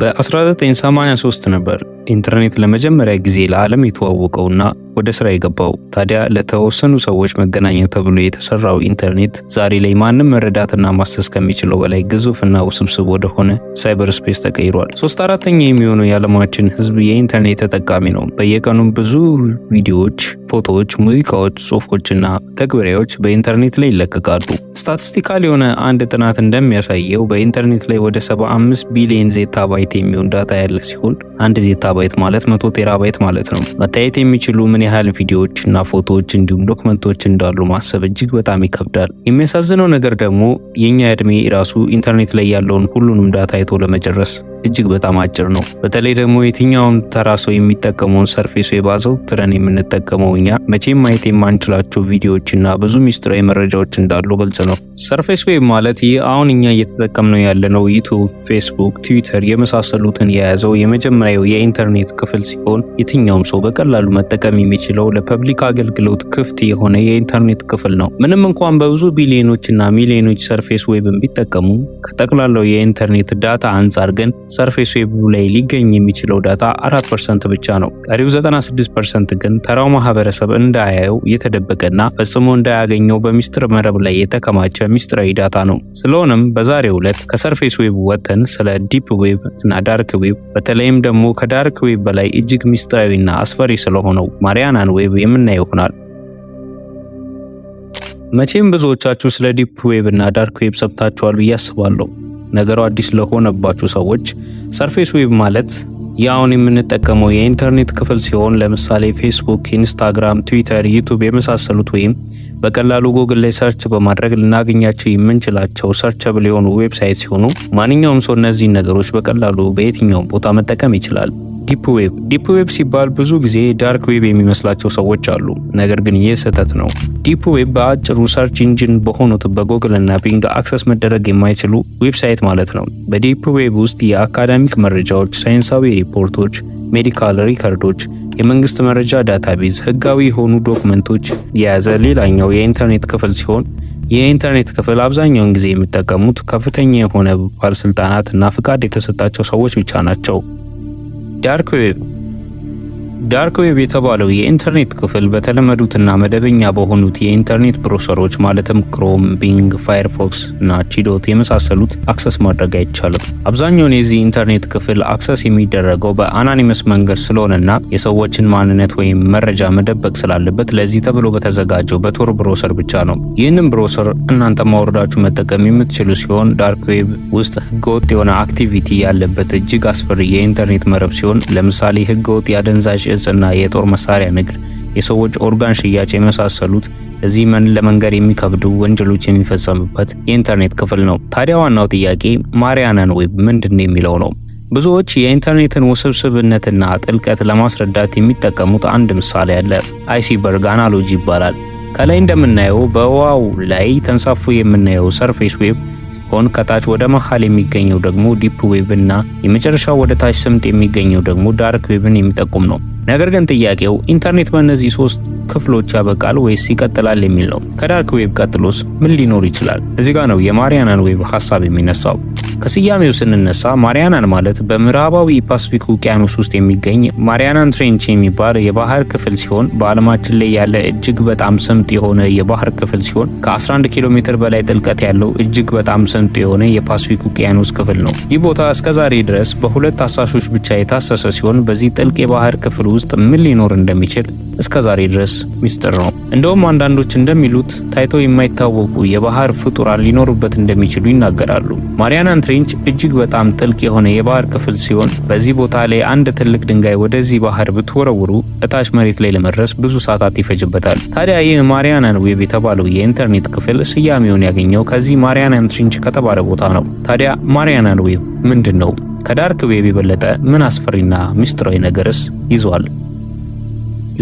በ1983 ነበር ኢንተርኔት ለመጀመሪያ ጊዜ ለዓለም የተዋወቀውና ወደ ስራ የገባው ታዲያ ለተወሰኑ ሰዎች መገናኛ ተብሎ የተሰራው ኢንተርኔት ዛሬ ላይ ማንም መረዳትና ማሰስ ከሚችለው በላይ ግዙፍና ውስብስብ ወደሆነ ሳይበር ስፔስ ተቀይሯል። ሶስት አራተኛ የሚሆነው የዓለማችን ህዝብ የኢንተርኔት ተጠቃሚ ነው። በየቀኑም ብዙ ቪዲዮዎች፣ ፎቶዎች፣ ሙዚቃዎች፣ ጽሁፎችና ተግበሪያዎች በኢንተርኔት ላይ ይለቀቃሉ። ስታቲስቲካል የሆነ አንድ ጥናት እንደሚያሳየው በኢንተርኔት ላይ ወደ 75 ቢሊዮን ዜታ ባይት የሚሆን ዳታ ያለ ሲሆን አንድ ዜታ ቴራባይት ማለት መቶ ቴራባይት ማለት ነው። መታየት የሚችሉ ምን ያህል ቪዲዮዎች እና ፎቶዎች እንዲሁም ዶክመንቶች እንዳሉ ማሰብ እጅግ በጣም ይከብዳል። የሚያሳዝነው ነገር ደግሞ የእኛ እድሜ ራሱ ኢንተርኔት ላይ ያለውን ሁሉንም ዳታ አይቶ ለመጨረስ እጅግ በጣም አጭር ነው። በተለይ ደግሞ የትኛውም ተራ ሰው የሚጠቀመውን ሰርፌስ ዌብ አዘውትረን የምንጠቀመው እኛ መቼም ማየት የማንችላቸው ቪዲዮዎችና ብዙ ሚስጥራዊ መረጃዎች እንዳሉ ግልጽ ነው። ሰርፌስ ዌብ ማለት ይህ አሁን እኛ እየተጠቀምነው ያለነው ዩቱብ፣ ፌስቡክ፣ ትዊተር የመሳሰሉትን የያዘው የመጀመሪያው የኢንተርኔት ክፍል ሲሆን የትኛውም ሰው በቀላሉ መጠቀም የሚችለው ለፐብሊክ አገልግሎት ክፍት የሆነ የኢንተርኔት ክፍል ነው። ምንም እንኳን በብዙ ቢሊዮኖችና ሚሊዮኖች ሰርፌስ ዌብን ቢጠቀሙ ከጠቅላላው የኢንተርኔት ዳታ አንጻር ግን ሰርፌስ ዌቡ ላይ ሊገኝ የሚችለው ዳታ 4% ብቻ ነው። ቀሪው 96% ግን ተራው ማህበረሰብ እንዳያየው የተደበቀና ፈጽሞ እንዳያገኘው በሚስጥር መረብ ላይ የተከማቸ ሚስጥራዊ ዳታ ነው። ስለሆነም በዛሬው ዕለት ከሰርፌስ ዌብ ወጥተን ስለ ዲፕ ዌብ እና ዳርክ ዌብ በተለይም ደግሞ ከዳርክ ዌብ በላይ እጅግ ሚስጥራዊና አስፈሪ ስለሆነው ማሪያናን ዌብ የምናየው ይሆናል። መቼም ብዙዎቻችሁ ስለ ዲፕ ዌብ እና ዳርክ ዌብ ሰምታችኋል ብዬ አስባለሁ። ነገሩ አዲስ ለሆነባችሁ ሰዎች ሰርፌስ ዌብ ማለት የአሁን የምንጠቀመው የኢንተርኔት ክፍል ሲሆን ለምሳሌ ፌስቡክ፣ ኢንስታግራም፣ ትዊተር፣ ዩቱብ የመሳሰሉት ወይም በቀላሉ ጉግል ላይ ሰርች በማድረግ ልናገኛቸው የምንችላቸው ሰርቸብል የሆኑ ዌብሳይት ሲሆኑ ማንኛውም ሰው እነዚህን ነገሮች በቀላሉ በየትኛውም ቦታ መጠቀም ይችላል። ዲፕ ዌብ ዲፕ ዌብ ሲባል ብዙ ጊዜ ዳርክ ዌብ የሚመስላቸው ሰዎች አሉ። ነገር ግን ይህ ስህተት ነው። ዲፕ ዌብ በአጭሩ ሰርች ኢንጂን በሆኑት በጎግል እና ቢንግ አክሰስ መደረግ የማይችሉ ዌብሳይት ማለት ነው። በዲፕ ዌብ ውስጥ የአካዳሚክ መረጃዎች፣ ሳይንሳዊ ሪፖርቶች፣ ሜዲካል ሪከርዶች የመንግስት መረጃ ዳታቤዝ፣ ህጋዊ የሆኑ ዶክመንቶች የያዘ ሌላኛው የኢንተርኔት ክፍል ሲሆን የኢንተርኔት ክፍል አብዛኛውን ጊዜ የሚጠቀሙት ከፍተኛ የሆነ ባለስልጣናት እና ፍቃድ የተሰጣቸው ሰዎች ብቻ ናቸው። Дякую. ዳርክ ዌብ የተባለው የኢንተርኔት ክፍል በተለመዱትና መደበኛ በሆኑት የኢንተርኔት ብሮሰሮች ማለትም ክሮም፣ ቢንግ፣ ፋየርፎክስ እና ቺዶት የመሳሰሉት አክሰስ ማድረግ አይቻልም። አብዛኛውን የዚህ ኢንተርኔት ክፍል አክሰስ የሚደረገው በአናኒመስ መንገድ ስለሆነና የሰዎችን ማንነት ወይም መረጃ መደበቅ ስላለበት ለዚህ ተብሎ በተዘጋጀው በቶር ብሮሰር ብቻ ነው። ይህንን ብሮሰር እናንተ ማወርዳችሁ መጠቀም የምትችሉ ሲሆን ዳርክ ዌብ ውስጥ ህገወጥ የሆነ አክቲቪቲ ያለበት እጅግ አስፈሪ የኢንተርኔት መረብ ሲሆን ለምሳሌ ህገወጥ የአደንዛዥ እና የጦር መሳሪያ ንግድ፣ የሰዎች ኦርጋን ሽያጭ የመሳሰሉት እዚህ መን ለመንገር የሚከብዱ ወንጀሎች የሚፈጸሙበት የኢንተርኔት ክፍል ነው። ታዲያ ዋናው ጥያቄ ማሪያነን ዌብ ምንድን የሚለው ነው። ብዙዎች የኢንተርኔትን ውስብስብነትና ጥልቀት ለማስረዳት የሚጠቀሙት አንድ ምሳሌ አለ። አይሲበርግ አናሎጂ ይባላል። ከላይ እንደምናየው በውሃው ላይ ተንሳፎ የምናየው ሰርፌስ ዌብ ሲሆን ከታች ወደ መሃል የሚገኘው ደግሞ ዲፕ ዌብ እና የመጨረሻው ወደ ታች ስምጥ የሚገኘው ደግሞ ዳርክ ዌብን የሚጠቁም ነው። ነገር ግን ጥያቄው ኢንተርኔት በእነዚህ ሶስት ክፍሎች ያበቃል ወይስ ይቀጥላል የሚል ነው። ከዳርክ ዌብ ቀጥሎስ ምን ሊኖር ይችላል? እዚህ ጋር ነው የማሪያናን ዌብ ሀሳብ የሚነሳው። ከስያሜው ስንነሳ ማሪያናን ማለት በምዕራባዊ ፓስፊክ ውቅያኖስ ውስጥ የሚገኝ ማሪያናን ትሬንች የሚባል የባህር ክፍል ሲሆን በዓለማችን ላይ ያለ እጅግ በጣም ስምጥ የሆነ የባህር ክፍል ሲሆን ከ11 ኪሎ ሜትር በላይ ጥልቀት ያለው እጅግ በጣም ስምጥ የሆነ የፓስፊክ ውቅያኖስ ክፍል ነው። ይህ ቦታ እስከ ዛሬ ድረስ በሁለት አሳሾች ብቻ የታሰሰ ሲሆን በዚህ ጥልቅ የባህር ክፍል ውስጥ ምን ሊኖር እንደሚችል እስከ ዛሬ ድረስ ሚስጥር ነው። እንደውም አንዳንዶች እንደሚሉት ታይቶ የማይታወቁ የባህር ፍጡራን ሊኖሩበት እንደሚችሉ ይናገራሉ። ማሪያናን ሴቨንት ሬንች እጅግ በጣም ጥልቅ የሆነ የባህር ክፍል ሲሆን በዚህ ቦታ ላይ አንድ ትልቅ ድንጋይ ወደዚህ ባህር ብትወረውሩ እታች መሬት ላይ ለመድረስ ብዙ ሰዓታት ይፈጅበታል። ታዲያ ይህ ማሪያናን ዌብ የተባለው የኢንተርኔት ክፍል ስያሜውን ያገኘው ከዚህ ማሪያናን ትሪንች ከተባለ ቦታ ነው። ታዲያ ማሪያናን ዌብ ምንድን ነው? ከዳርክ ዌብ የበለጠ ምን አስፈሪና ሚስጥራዊ ነገርስ ይዟል?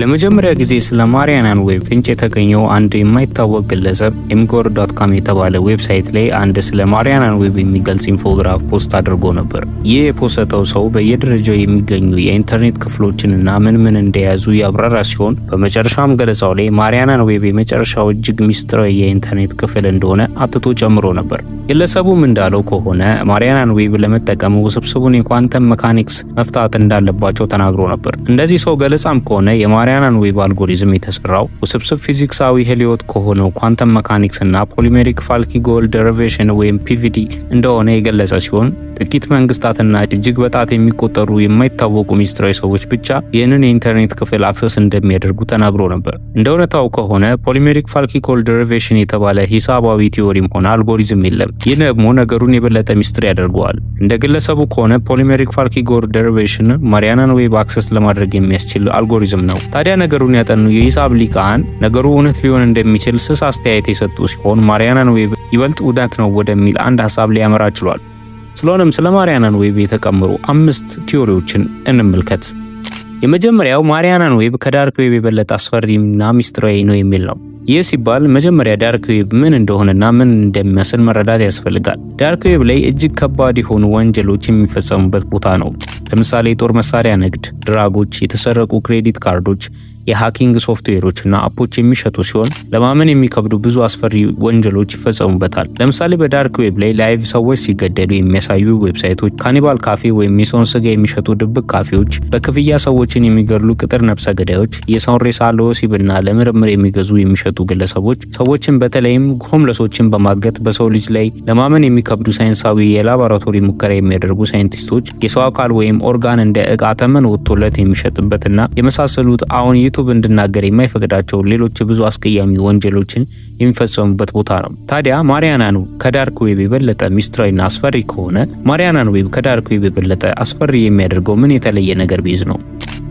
ለመጀመሪያ ጊዜ ስለ ማሪያናን ዌብ ፍንጭ የተገኘው አንድ የማይታወቅ ግለሰብ ኤምጎር ዶት ካም የተባለ ዌብሳይት ላይ አንድ ስለ ማሪያናን ዌብ የሚገልጽ ኢንፎግራፍ ፖስት አድርጎ ነበር። ይህ የፖሰተው ሰው በየደረጃው የሚገኙ የኢንተርኔት ክፍሎችንና ምን ምን እንደያዙ ያብራራ ሲሆን በመጨረሻም ገለጻው ላይ ማሪያናን ዌብ የመጨረሻው እጅግ ሚስጥራዊ የኢንተርኔት ክፍል እንደሆነ አትቶ ጨምሮ ነበር። ግለሰቡም እንዳለው ከሆነ ማሪያናን ዌብ ለመጠቀም ውስብስቡን የኳንተም መካኒክስ መፍታት እንዳለባቸው ተናግሮ ነበር። እንደዚህ ሰው ገለጻም ከሆነ ዌብ አልጎሪዝም የተሰራው ውስብስብ ፊዚክሳዊ ሄሊዮት ከሆነው ኳንተም መካኒክስ እና ፖሊሜሪክ ፋልኪ ጎል ደሪቬሽን ወይም ፒቪዲ እንደሆነ የገለጸ ሲሆን ጥቂት መንግስታትና እጅግ በጣት የሚቆጠሩ የማይታወቁ ሚስጥራዊ ሰዎች ብቻ ይህንን የኢንተርኔት ክፍል አክሰስ እንደሚያደርጉ ተናግሮ ነበር። እንደ እውነታው ከሆነ ፖሊሜሪክ ፋልኪ ደሪቬሽን የተባለ ሂሳባዊ ቲዎሪም ሆነ አልጎሪዝም የለም። ይህ ደግሞ ነገሩን የበለጠ ሚስጥር ያደርገዋል። እንደ ግለሰቡ ከሆነ ፖሊሜሪክ ፋልኪጎር ደሪቬሽን ማሪያናን ዌብ አክሰስ ለማድረግ የሚያስችል አልጎሪዝም ነው። ታዲያ ነገሩን ያጠኑ የሂሳብ ሊቃን ነገሩ እውነት ሊሆን እንደሚችል ስስ አስተያየት የሰጡ ሲሆን ማሪያናን ዌብ ይበልጥ እውነት ነው ወደሚል አንድ ሀሳብ ሊያመራ ችሏል። ስለሆነም ስለ ማሪያናን ዌብ የተቀመሩ አምስት ቲዎሪዎችን እንመልከት። የመጀመሪያው ማሪያናን ዌብ ከዳርክ ዌብ የበለጠ አስፈሪና ሚስጥራዊ ነው የሚል ነው። ይህ ሲባል መጀመሪያ ዳርክ ዌብ ምን እንደሆነና ምን እንደሚመስል መረዳት ያስፈልጋል። ዳርክ ዌብ ላይ እጅግ ከባድ የሆኑ ወንጀሎች የሚፈጸሙበት ቦታ ነው። ለምሳሌ የጦር መሳሪያ ንግድ፣ ድራጎች፣ የተሰረቁ ክሬዲት ካርዶች፣ የሃኪንግ ሶፍትዌሮችና አፖች የሚሸጡ ሲሆን ለማመን የሚከብዱ ብዙ አስፈሪ ወንጀሎች ይፈጸሙበታል። ለምሳሌ በዳርክ ዌብ ላይ ላይቭ ሰዎች ሲገደሉ የሚያሳዩ ዌብሳይቶች፣ ካኒባል ካፌ ወይም የሰውን ስጋ የሚሸጡ ድብቅ ካፌዎች፣ በክፍያ ሰዎችን የሚገድሉ ቅጥር ነብሰ ገዳዮች፣ የሰውን ሬሳ ለወሲብና ለምርምር የሚገዙ የሚሸጡ ግለሰቦች፣ ሰዎችን በተለይም ሆምለሶችን በማገት በሰው ልጅ ላይ ለማመን የሚከብዱ ሳይንሳዊ የላቦራቶሪ ሙከራ የሚያደርጉ ሳይንቲስቶች፣ የሰው አካል ወይም ኦርጋን እንደ እቃ ተመን ወጥቶለት የሚሸጥበትና የመሳሰሉት አሁን በዩቱብ እንድናገር የማይፈቅዳቸው ሌሎች ብዙ አስቀያሚ ወንጀሎችን የሚፈጸሙበት ቦታ ነው። ታዲያ ማሪያናኑ ከዳርክ ዌብ የበለጠ ሚስጥራዊና አስፈሪ ከሆነ ማሪያናኑ ዌብ ከዳርክ ዌብ የበለጠ አስፈሪ የሚያደርገው ምን የተለየ ነገር ቢይዝ ነው?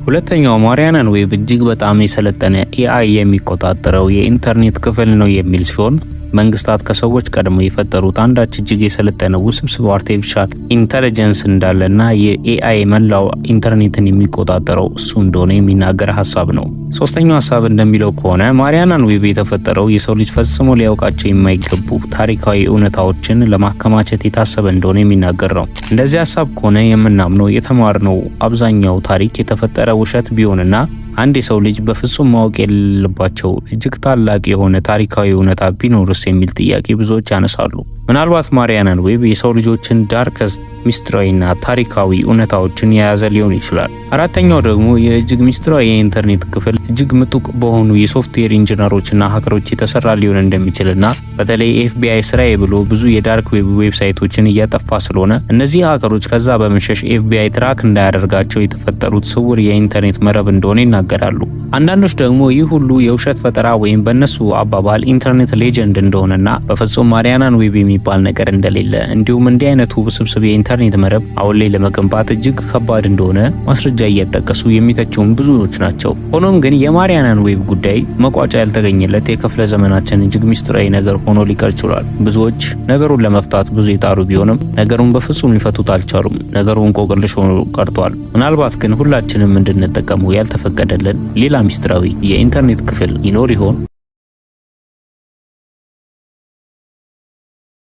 ሁለተኛው ማሪያናን ዌብ እጅግ በጣም የሰለጠነ ኤአይ የሚቆጣጠረው የኢንተርኔት ክፍል ነው የሚል ሲሆን መንግስታት ከሰዎች ቀድሞ የፈጠሩት አንዳች እጅግ የሰለጠነ ውስብስብ አርቲፊሻል ኢንተለጀንስ እንዳለና የኤአይ መላው ኢንተርኔትን የሚቆጣጠረው እሱ እንደሆነ የሚናገር ሀሳብ ነው። ሶስተኛው ሀሳብ እንደሚለው ከሆነ ማሪያናን ዌብ የተፈጠረው የሰው ልጅ ፈጽሞ ሊያውቃቸው የማይገቡ ታሪካዊ እውነታዎችን ለማከማቸት የታሰበ እንደሆነ የሚናገር ነው። እንደዚህ ሀሳብ ከሆነ የምናምነው የተማርነው አብዛኛው ታሪክ የተፈጠረ ውሸት ቢሆንና አንድ የሰው ልጅ በፍጹም ማወቅ የሌለባቸው እጅግ ታላቅ የሆነ ታሪካዊ እውነታ ቢኖርስ የሚል ጥያቄ ብዙዎች ያነሳሉ። ምናልባት ማሪያናን ዌብ የሰው ልጆችን ዳርከስት ሚስጥራዊና ታሪካዊ እውነታዎችን የያዘ ሊሆን ይችላል። አራተኛው ደግሞ የእጅግ ሚስጥራዊ የኢንተርኔት ክፍል እጅግ ምጡቅ በሆኑ የሶፍትዌር ኢንጂነሮችና ሀከሮች የተሰራ ሊሆን እንደሚችልና በተለይ ኤፍቢአይ ስራዬ ብሎ ብዙ የዳርክ ዌብ ዌብሳይቶችን እያጠፋ ስለሆነ እነዚህ ሀከሮች ከዛ በመሸሽ ኤፍቢአይ ትራክ እንዳያደርጋቸው የተፈጠሩት ስውር የኢንተርኔት መረብ እንደሆነ ይናገራል። ይናገራሉ። አንዳንዶች ደግሞ ይህ ሁሉ የውሸት ፈጠራ ወይም በእነሱ አባባል ኢንተርኔት ሌጀንድ እንደሆነና በፍጹም ማሪያናን ዌብ የሚባል ነገር እንደሌለ እንዲሁም እንዲህ አይነቱ ውስብስብ የኢንተርኔት መረብ አሁን ላይ ለመገንባት እጅግ ከባድ እንደሆነ ማስረጃ እያጠቀሱ የሚተቸውን ብዙዎች ናቸው። ሆኖም ግን የማሪያናን ዌብ ጉዳይ መቋጫ ያልተገኘለት የክፍለ ዘመናችን እጅግ ሚስጥራዊ ነገር ሆኖ ሊቀር ችሏል። ብዙዎች ነገሩን ለመፍታት ብዙ የጣሩ ቢሆንም ነገሩን በፍጹም ሊፈቱት አልቻሉም። ነገሩን እንቆቅልሽ ሆኖ ቀርቷል። ምናልባት ግን ሁላችንም እንድንጠቀሙ ያልተፈቀደ ያለን ሌላ ሚስጥራዊ የኢንተርኔት ክፍል ይኖር ይሆን?